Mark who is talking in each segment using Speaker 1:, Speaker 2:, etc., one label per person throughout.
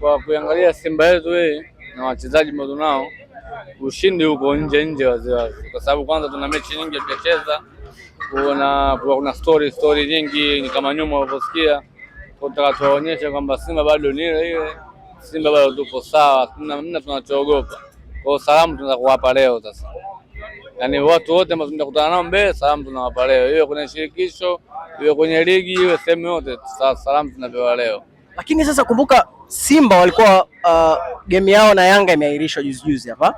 Speaker 1: kwa kuangalia Simba yetu hii na wachezaji mbazo nao ushindi huko nje nje waziwazi, kwa sababu kwanza tuna mechi nyingi hatujacheza, kuna kuna story story nyingi ni kama nyuma ulivyosikia, tunataka tuwaonyeshe kwamba Simba bado ni ile ile, Simba bado tupo sawa, mna tunachoogopa. Kwa salamu tunaweza kuwapa leo sasa, yaani watu wote ambao tunakutana nao mbele, salamu tunawapa leo, iwe kwenye shirikisho iwe kwenye ligi iwe sehemu yote, salamu tunapewa leo.
Speaker 2: Lakini sasa kumbuka, Simba walikuwa uh, game yao na Yanga imeahirishwa juzi juzi hapa,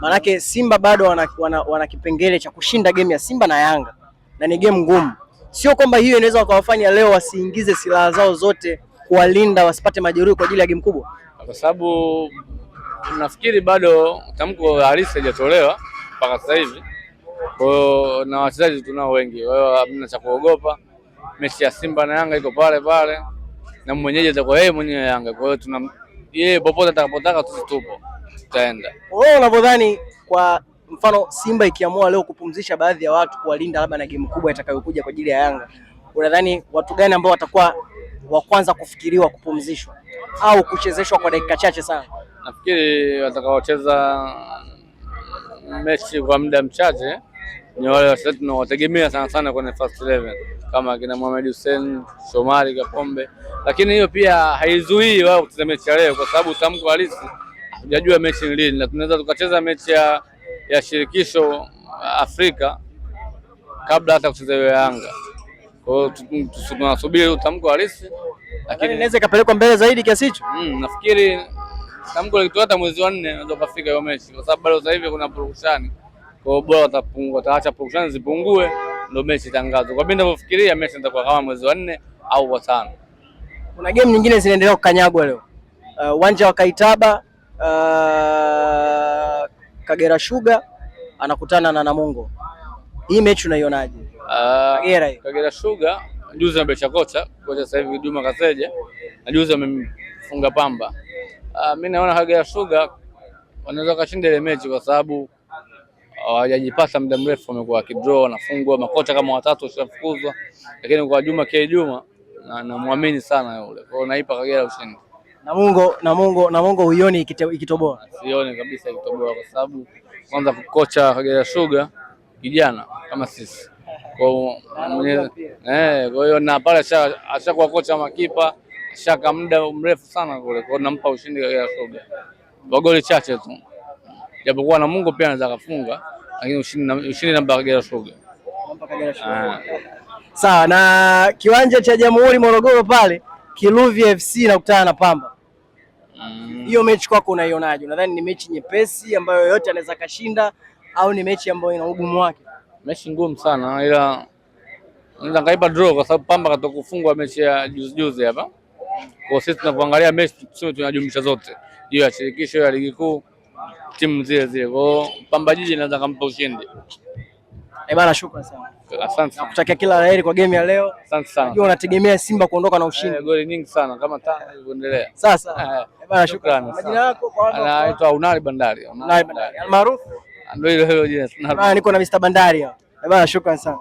Speaker 2: maanake Simba bado wana, wana, wana kipengele cha kushinda game ya Simba na Yanga na ni game ngumu. Sio kwamba hiyo inaweza wakawafanya leo wasiingize silaha zao zote kuwalinda wasipate majeruhi kwa ajili ya game kubwa,
Speaker 1: kwa sababu nafikiri bado tamko halisi haijatolewa mpaka sasa hivi. Kwa hiyo na wachezaji tunao wengi, kwa hiyo hamna cha kuogopa. Mechi ya Simba na Yanga iko pale pale na mwenyeji atakuwa yeye mwenyewe Yanga. Kwa hiyo tuna yeye, popote atakapotaka sisi tupo, tutaenda.
Speaker 2: Wewe unavyodhani kwa mfano Simba ikiamua leo kupumzisha baadhi ya watu kuwalinda labda na game kubwa itakayokuja kwa ajili ya Yanga, unadhani watu gani ambao watakuwa wa kwanza kufikiriwa kupumzishwa au kuchezeshwa kwa dakika chache sana?
Speaker 1: Nafikiri watakaocheza mechi kwa muda mchache ni wale wachezaji tunawategemea sana sana kwenye first 11 kama kina Mohamed Hussein, Shomari Kapombe, lakini hiyo pia haizuii wao kucheza mechi ya leo, kwa sababu tamko halisi hujajua mechi ni lini, na tunaweza tukacheza mechi ya, ya shirikisho Afrika kabla hata kucheza hiyo Yanga. Kwa hiyo tunasubiri tamko halisi,
Speaker 2: lakini inaweza ikapelekwa mbele zaidi kiasi hicho.
Speaker 1: Mm, nafikiri tamko likitoka hata mwezi wa nne naweza kufika hiyo mechi, kwa sababu bado sasa hivi kuna purukushani kwa hiyo bora watapungua, wataacha production zipungue, ndio mechi itangazwe. Kwa mimi ninavyofikiria mechi itakuwa kama mwezi wa nne au wa tano.
Speaker 2: Kuna game nyingine zinaendelea kukanyagwa leo uh, uwanja uh, wa Kaitaba uh, Kagera Sugar anakutana na Namungo. Hii mechi unaionaje?
Speaker 1: Uh, Kagera hiyo. Kagera Sugar juzi amebisha kocha, kocha sasa hivi Juma Kaseje, na juzi amemfunga Pamba. Uh, mimi naona Kagera Sugar wanaweza kashinda ile mechi kwa sababu hawajajipata muda mrefu, wamekuwa wakidraw, wanafungwa makocha kama watatu washafukuzwa, lakini kwa Juma kia Juma namwamini na sana yule, kwa naipa Kagera ushindi.
Speaker 2: Mungu na Mungu huioni ikitoboa?
Speaker 1: Sioni kabisa ikitoboa, kwa sababu kwanza kocha Kagera Sugar kijana kama sisi kwa hiyo eh, na pale ashakuwa kocha makipa shaka muda mrefu sana kule, kwa nampa ushindi Kagera Sugar kwa goli chache tu, japokuwa Namungo pia anaweza kafunga lakini ushindi Kagera Sugar.
Speaker 2: Ah. Sawa na kiwanja cha Jamhuri Morogoro pale Kiluvi FC nakutana na Pamba mm. hiyo mm. mechi kwako unaionaje? Unadhani ni mechi nyepesi ambayo yoyote anaweza kashinda au ni mechi ambayo ina ugumu wake?
Speaker 1: Mechi ngumu sana, ila naweza kaiba draw kwa sababu Pamba katoka kufungwa mechi ya juzi juzi hapa. Kwa sisi tunapoangalia mechi tunajumlisha zote, hiyo ya shirikisho ya ligi kuu timu zile zile. Kwa hiyo Pamba Jiji inaweza kumpa ushindi.
Speaker 2: Eh, bana shukrani sana. Asante sana. Nakutakia kila laheri kwa game ya leo. Asante sana. Unajua unategemea Simba kuondoka na ushindi. Eh,
Speaker 1: goli nyingi sana kama tano
Speaker 2: kuendelea. Sasa. Eh, eh, bana shukrani. Majina
Speaker 1: yako kwa watu? Anaitwa Unali Bandari.
Speaker 2: Unali Bandari. Maarufu.
Speaker 1: Ndio hilo hilo jina.
Speaker 2: Ah, Niko na Mr Bandari hapa. Eh, bana shukrani sana.